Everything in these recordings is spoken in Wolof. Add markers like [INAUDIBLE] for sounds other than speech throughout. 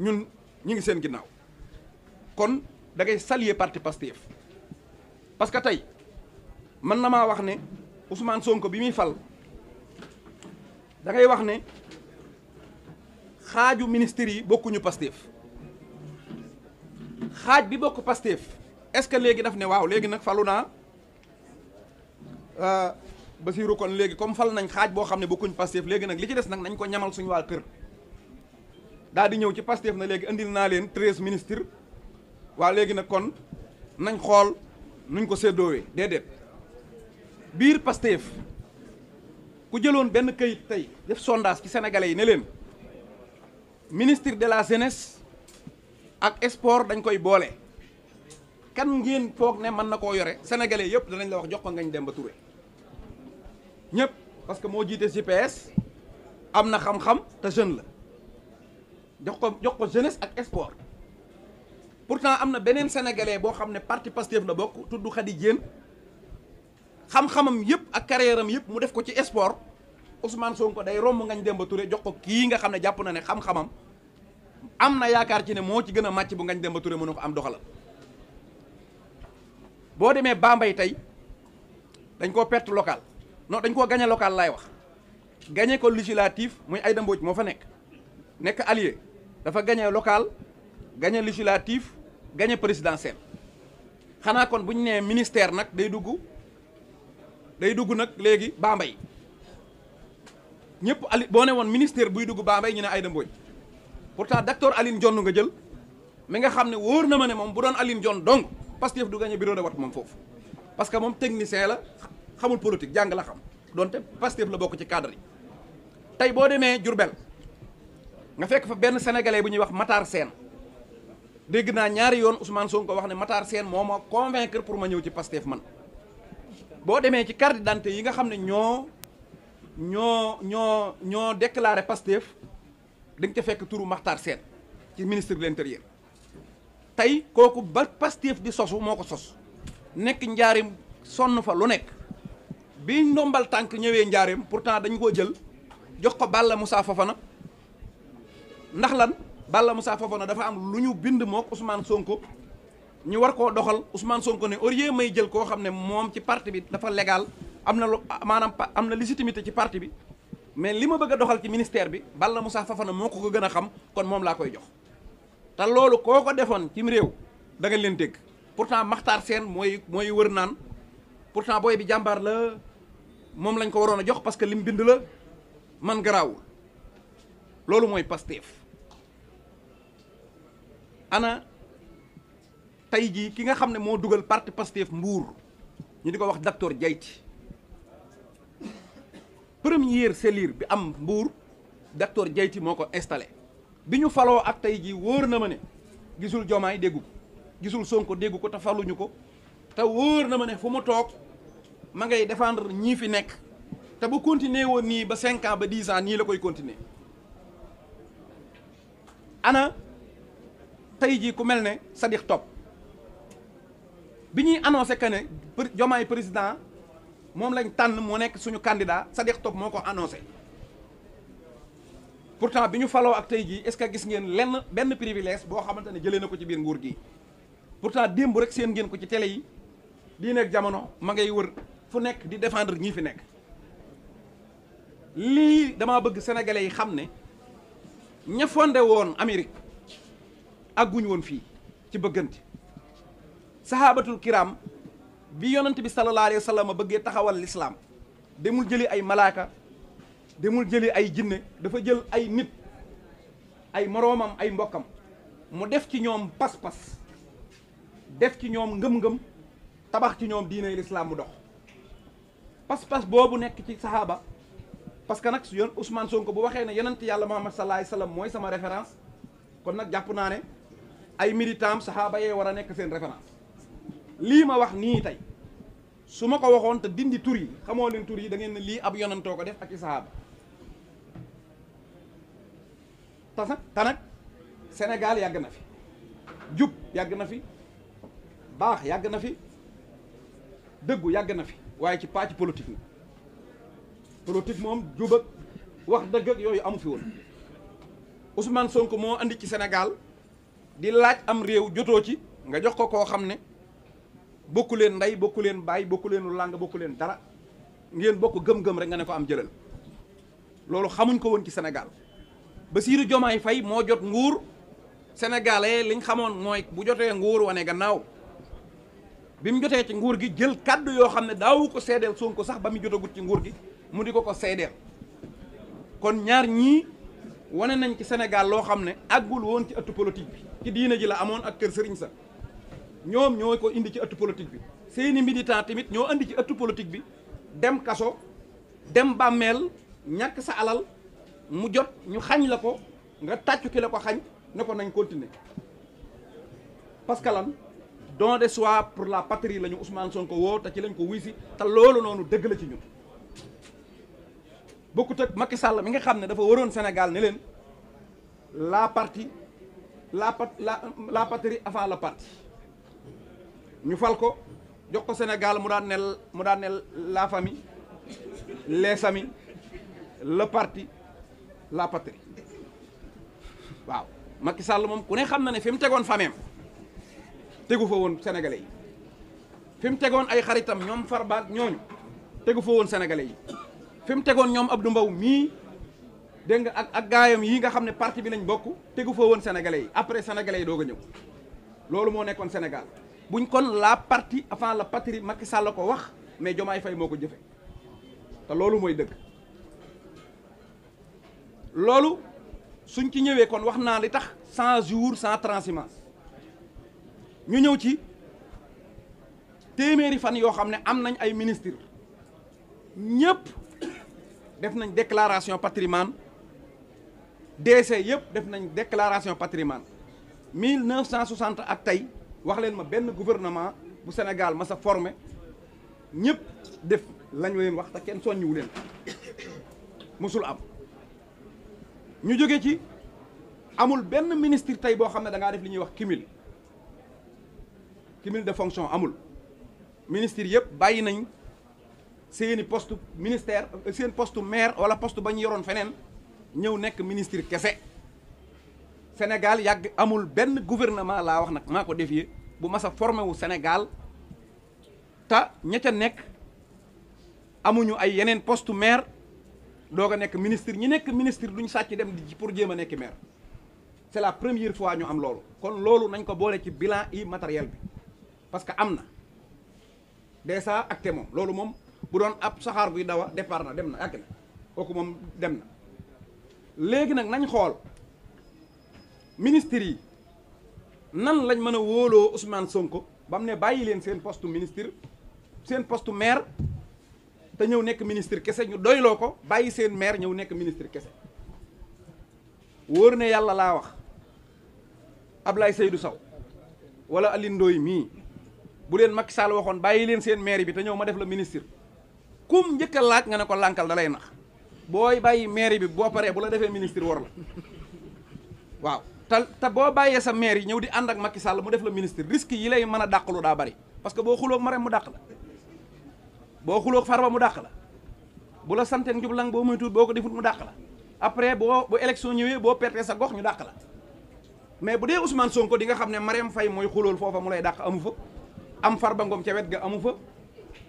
ñun ñu ngi seen ginnaaw kon da ngay saluer parti Pastef parce que tey mën na maa wax ne Ousmane Sonko bi muy fal da ngay wax ne xaaju ministère yi bokkuñu Pastef xaaj bi bokk Pastef est-ce que léegi daf ne waaw léegi nag falu naa euh, Basirou kon léegi comme fal nañ xaaj boo xam ne bokkuñu Pastef léegi nag li ci des nag nañ ko ñamal suñu waa kër. daal di ñëw ci Pastef na léegi indil naa leen treize ministres waa léegi nag kon nañ xool nuñ ko séddoowee déedéet biir Pastef ku jëloon benn kayit tey def sondage ci sénégalais yi ne leen ministre de la jeunesse ak sport dañ koy boole kan ngeen foog ne mën na koo yore sénégalais yëpp danañ la wax jox ko ngañ dem ba Touré ñëpp parce que moo jiite GPS am na xam-xam te jeune la jox ko jox ko jeunesse ak espoir pourtant am na beneen sénégalais boo xam ne parti Pastef la bokk tudd Khady Diène xam-xamam yëpp ak carrière am yëpp mu def ko ci espoir Ousmane Sonko day romb Ngagne Demba Touré jox ko kii nga xam ne jàpp na ne xam-xamam am na yaakaar ci ne moo ci gën a màcc bu ngañ Demba mun mënu ko am doxalal boo demee Bambey tey dañ koo perte local non dañ koo gagné local laay wax gagné ko législatif muy Aïda Mbodj moo fa nekk nekk allié dafa gañe local gagné législatif gagné présidentiel xanaa kon bu ñu nee ministère nag day dugg day dugg nag léegi mbay ñëpp Ali boo ne woon ministère buy dugg Bambey ñu ne Aïda Mbodj pourtant docteur Aline Dione nga jël mi nga xam ne wóor na ma ne moom bu doon Aline Dione donc Pastef du gagné bureau de moom foofu parce que moom technicien la xamul politique jàng la xam doonte Pastef la bokk ci cadre yi tey boo demee jurbel nga fekk fa benn sénégalais bu ñuy wax Matar Sène dégg naa ñaari yoon Ousmane ko wax ne Matar Sène moo ma convaincre pour ma ñëw ci Pastef man boo demee ci carte d'identité yi nga xam ne ñoo ñoo ñoo ñoo déclaré Pastef da nga ca fekk turu Matar Sène ci ministre de l'intérieur tey kooku ba Pastef di sosu moo ko sos nekk njaarim sonn fa lu nekk bi ndombal tànk ñëwee njaarim pourtant dañu koo jël jox ko Balla Moussa Fofana ndax lan Balla Moussa Fofana dafa am lu ñu bind mook Ousmane Sonko ñu war koo doxal Ousmane Sonko ne au lieu may jël koo xam ne moom ci parti bi dafa légal am na lu maanaam am na légitimité ci parti bi mais li ma bëgg a doxal ci ministère bi la Moussa Fofana moo ko ko gën a xam kon moom laa koy jox te loolu koo ko defoon cim réew da nga leen dégg pourtant Makhtar seen mooy mooy wër naan pourtant booy bi jàmbaar la moom lañ ko waroon a jox parce que lim bind la man garaawul loolu mooy Pastef ana tey jii ki nga xam ne moo dugal parti Pastef Mbour ñu di ko wax docteur Diayti première cellule bi am Mbour docteur Diayti moo ko installé bi ñu faloo ak tey jii wóor na ma ne gisul Jomaay déggu ko gisul Sonko déggu ko te faluñu ko te wóor na ma ne fu mu toog ma ngay défendre ñii fi nekk te bu continuer woon nii ba cinq ba dix ans nii la koy continuer ana tey jii ku mel ne Sadiq Top bi ñuy annoncé que ne Diomaye président moom lañ tànn mu nekk suñu candidat Sadiq Top moo ko annoncé pourtant bi ñu faloo ak tey jii est-ce que gis ngeen lenn benn privilège boo xamante ne jëlee na ko ci biir nguur gi pourtant démb rek seen ngeen ko ci télé yi di jamono ma ngay wër fu nekk di défendre ñi fi nekk lii dama bëgg sénégalais yi xam ne ña fondé woon Amérique. àgguñu woon fii ci bëggante saxaabatul kiraam bi yonent bi sallallahu alayhi wa bëggee taxawal lislaam demul jëli ay malaaka demul jëli ay jinne dafa jël ay nit ay moroomam ay mbokkam mu def ci ñoom pas-pas def ci ñoom ngëm-ngëm tabax ci ñoom diine lislaam mu dox pas-pas boobu nekk ci saxaaba parce que nag su yoon Ousmane Sonko bu waxee ne yonent yàlla Muhammad sallallahu alayhi wa sallam mooy sama référence kon nag jàpp naa ne ay militant saxaaba yee war a nekk seen référence lii ma wax nii tey su ma ko waxoon te dindi tur yi xamoo leen tur yi da ngeen ne lii ab yonantoo ko def ak i saxaaba te nag Sénégal yàgg na fi jub yàgg na fi baax yàgg na fi dëggu yàgg na fi waaye ci pàcc politique na politique moom jub wax dëgg yooyu amu fi woon Ousmane Sonko moo andi ci Sénégal di laaj am réew jotoo ci nga jox ko koo xam ne bokk leen ndey bokku leen bàyyi bokku leen lu làng bokku leen dara ngeen bokk gëm-gëm rek nga ne ko am jëlal loolu xamuñ ko woon ci senegal Sénégal Bassirou Diomaye fay moo jot nguur sénégalais liñ xamoon mooy bu jotee nguur wane gannaaw bi mu jotee ci nguur gi jël kàddu yoo xam ne daawu ko seedeel Sonko sax ba mu jotagut ci nguur gi mu di ko ko seedeel kon ñaar ñii wane nañ ci Sénégal loo xam ne àggul woon ci ëttu politique bi ci diina ji la amoon ak kër sëriñ sa ñoom ñoo ko indi ci ëttu politique bi seeni militant tamit ñoo indi ci ëttu politique bi dem kaso dem bàmmeel ñàkk sa alal mu jot ñu xañ la ko nga tàccu ki la ko xañ ne ko nañ continuer parce que lan don de soi pour la patrie la ñu Ousmane ko woo te ci lañ ko wuy si te loolu noonu dëgg la ci ñun bokkut ak Macky mi nga xam ne dafa waroon Sénégal ne leen la parti la pat la la patrie avant la partie ñu fal ko jox ko Sénégal mu daan ne mu daan ne la famille les amis le parti la patrie waaw Macky Sall moom ku ne xam na ne fi mu tegoon fameem tegu fa woon sénégalais yi fi mu tegoon ay xaritam ñoom farbaat ñooñu tegu fa woon sénégalais yi fi tegoon ñoom ab Abdou mbaw mii dégg nga ak ak gaayam yi nga xam ne parti bi lañ bokk tegu fa woon sénégalais yi après sénégalais yi doog a ñëw loolu moo nekkoon Sénégal buñ kon la parti avant la patrie Macky Sall la ko wax mais Diomaye fay moo ko jëfe te loolu mooy dëgg loolu suñ ci ñëwee kon wax naa li tax cent jours sans transhumance ñu ñëw ci téeméeri fan yoo xam ne am nañ ay ministre ñëpp def nañ déclaration patrimoine DC yëpp def nañ déclaration patrimoine 1960 ak tey wax leen ma benn gouvernement bu Sénégal ma sa formé ñëpp def lañ leen wax te kenn soññiwu leen mosul am ñu jóge ci amul benn ministre tey boo xam ne da ngaa def li ñuy wax cumul cumul de fonction amul ministre yëpp bàyyi nañ seeni poste ministère seen poste maire wala poste ba ñu yoroon feneen ñëw nekk ministre kese Sénégal yàgg amul benn gouvernement laa wax nag maa ko défier bu masa a formé wu Sénégal te ña nekk amuñu ay yeneen poste maire doog a nekk ministre ñi nekk ministre duñ sàcc dem di pour jéem a nekk maire c'est la première fois ñu am loolu kon loolu nañ ko boole ci bilan immatériel bi parce que am na déjà ak témoin loolu moom bu doon ab saxaar buy dawa départ na dem na yàgg na kooku moom dem na léegi nag nañ xool ministres yi nan lañ mën a wóoloo Ousmane Sonko ba mu ne bàyyi leen seen postu ministre seen postu maire te ñëw nekk ministre kese ñu doyloo ko bàyyi seen maire ñëw nekk ministre kese wóor ne yàlla laa wax ab Ablaye Seydou Sow wala Alioune Ndoye mii bu leen Macky Sall waxoon bàyyi leen seen maire bi te ñëw ma def la ministre kum njëkk laaj nga ne ko lankal da lay nax boo bàyyi mairie bi boo paree bu la defee ministre war la waaw te boo bàyyee sa maire yi ñëw di ànd makki Macky mu def la ministre risque yi lay mën a dàqalu daa bari parce que boo xuloog Marème mu dàq la boo far Farba mu dàq la bu la santeen njublang boo muy tuut boo ko defut mu dàq la après boo bu élection ñëwee boo pertee sa gox ñu dàq la mais bu dee Ousmane Sonko di nga xam ne Marème fay mooy xulool foofa mu lay dàq amu fa am Farba Ngom ca wet ga amu fa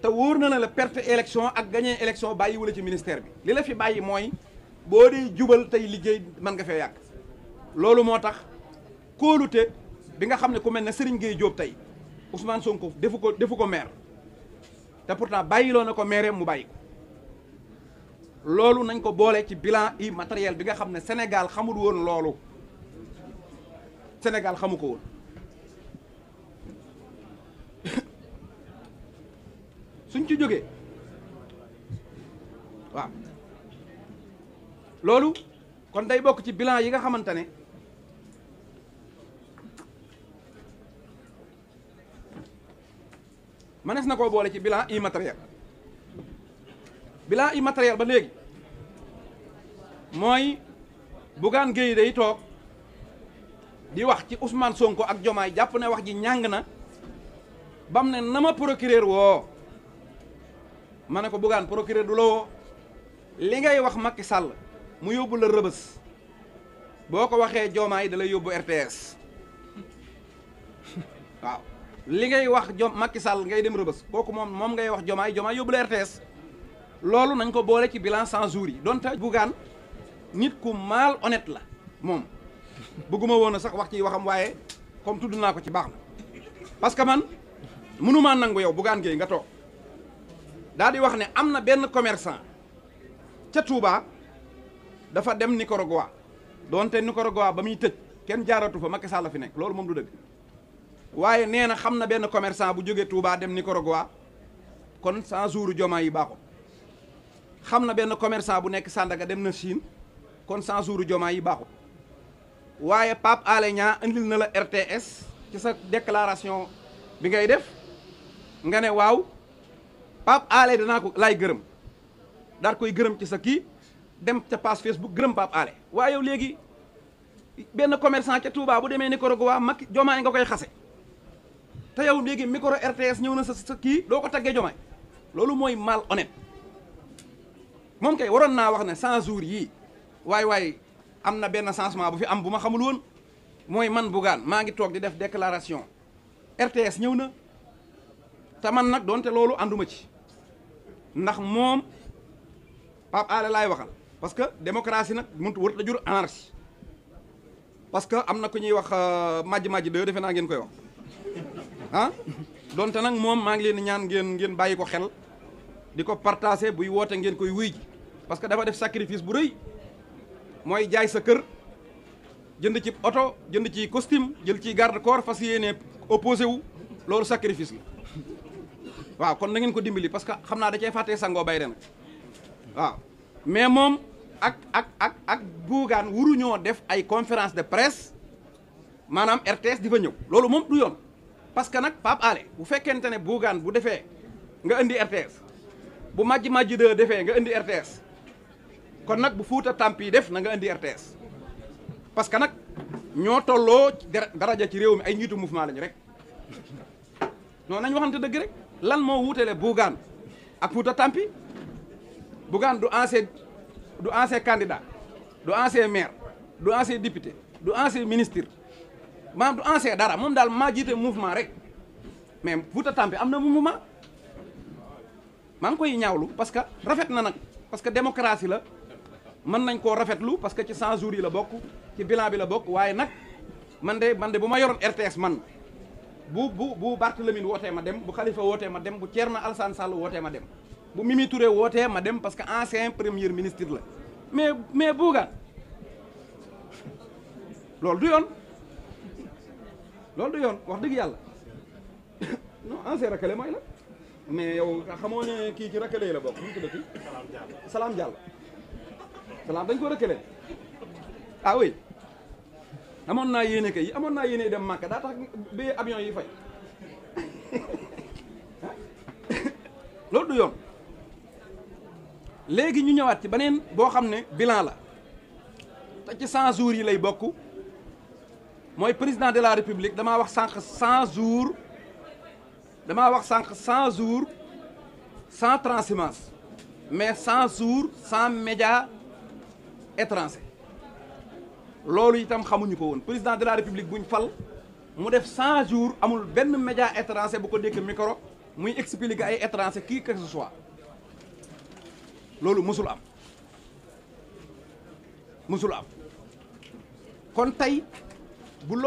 te wóor na la la perte élection ak gagné élection bàyyi wala ci ministère bi li la fi bàyyi mooy boo dee jubal tey liggéey mën nga fee yàgg loolu moo tax kóolute bi nga xam ne ku mel na Serigne Gueye jóob tey Ousmane ko defu ko defu ko maire te pourtant bàyyiloo na ko maire mu bàyyi ko loolu nañ ko boole ci bilan immatériel bi nga xam ne Sénégal xamul woon loolu Sénégal xamu ko woon suñ ci jógee waaw loolu kon day bokk ci bilan yi nga xamante ne mënees na ko boole ci bilan immatériel bilan immatériel ba léegi mooy Bougane Gueye day toog di wax ci Ousmane Sonko ak Jomaay jàpp ne wax ji ñàng na bam ne nama ma procureur woo ma ne ko bugaan procureur du la woo li ngay wax Macky Sall mu yóbbu la rëbës boo ko waxee joomaay da lay yóbbu RTS [LAUGHS] waaw li ngay wax jom Macky Sall ngay dem rëbës kooku moom moom ngay wax jomaay jomaay yóbbu la RTS loolu nañ ko boole ci bilan 100 jours yi donte bugaan nit ku maal honnête la moom bëgguma woon sax wax ci waxam waaye comme tudd naa ko ci baax na parce que man mënumaa nangu yow bugaan géey nga toog daa di wax ne am na benn commerçant ca Touba dafa dem Nicaragua doonte Nicaragua ba muy tëj kenn jaaratu fa Macky Sall la fi nekk loolu moom du dëgg waaye nee na xam na benn commerçant bu jógee Touba dem Nicaragua kon san jours jomaa yi baaxul xam na benn commerçant bu nekk Sandaga dem na Chine kon cent jours jomaa yi baaxul waaye Pape Alé indil na la RTS ca sa déclaration bi ngay def nga ne waaw Pape Alé danaa ko laay gërëm daal koy gërëm ci sa kii dem ca page Facebook gërëm Pape Alé waaye yow léegi benn commerçant ca Touba bu demee Nicaragua Macky Diomaye nga koy xase te yow léegi micro RTS ñëw na sa sa kii doo ko taggee Diomaye loolu mooy mal honnête moom kay waroon naa wax ne 100 jours yii waay waay am na benn changement bu fi am bu ma xamul woon mooy man Bougane maa ngi toog di def declaration RTS ñëw na te man nag doonte loolu ànduma ci ndax moom Pape Alé laay waxal parce que démocratie nag mënut wër la jur anarchie parce que am na ko ñuy wax majj majj de defe naa ngeen koy wax ah donte nag moom maa ngi leen ñaan ngeen ngeen bàyyi ko xel di ko partager buy woote ngeen koy wuy ji parce que dafa def sacrifice bu rëy mooy jaay sa kër jënd ci oto jënd ci costume jël ci garde corps fas yéene opposé wu loolu sacrifice la waaw kon na ngeen ko dimbali parce que xam naa da cee fàttee sangoo bay ren waaw mais moom ak ak ak ak buugaan wuruñoo def ay conférence de presse maanaam RTS di fa ñëw loolu moom du yoon parce que nag Pape bu fekkente ne buugaan bu defee nga indi RTS bu majj majj de defee nga indi RTS kon nag bu fuuta tàmpi def na nga indi RTS parce que nag ñoo tolloo daraja ci réew mi ay njiitu mouvement lañu rek non nañ waxante dëgg rek lan moo wuutale Bougane ak Fouta Tampi Bougane du ancien du ancien candidat du ancien maire du ancien député du ancien ministre maanaam du ancien dara moom daal maa jiite mouvement rek mais Fouta Tampi am na mouvement maa ngi koy ñaawlu parce que rafet na nag parce que démocratie la mën nañ koo rafetlu parce que ci 100 jours yi la bokk ci bilan bi la bokk waaye nag man de man de bu ma yoroon RTS man bu bu bu Barthélémy wootee ma dem bu Khalifa wootee ma dem bu Thierno Alassane Sall wootee ma dem bu Mimi Touré wootee ma dem parce que ancien premier ministre la mais mais Bougane loolu du yoon loolu du yoon wax dëgg yàlla [COUGHS] non ancien rakale mooy la mais yow xamoo ne kii ci rakale la bokk nu salaam jàll salaam dañ ko rakale ah oui amoon naa yéene yi amoon naa yéene dem Màkka daa tax béyee avion yi fay loolu du yoon léegi ñu ñëwaat ci beneen boo xam ne bilan la te ci 100 jours yi lay bokk mooy président de la république damaa wax sànq 100 jours damaa wax sànq 100 jours sans transhumance mais 100 jours sans média étranger loolu itam xamuñu ko woon président de la république buñ fal mu def 100 jours amul benn média étranger bu ko dékk micro muy expliquer ay étranger qui que ce soit loolu mësul am mësul am kon tey bu loolu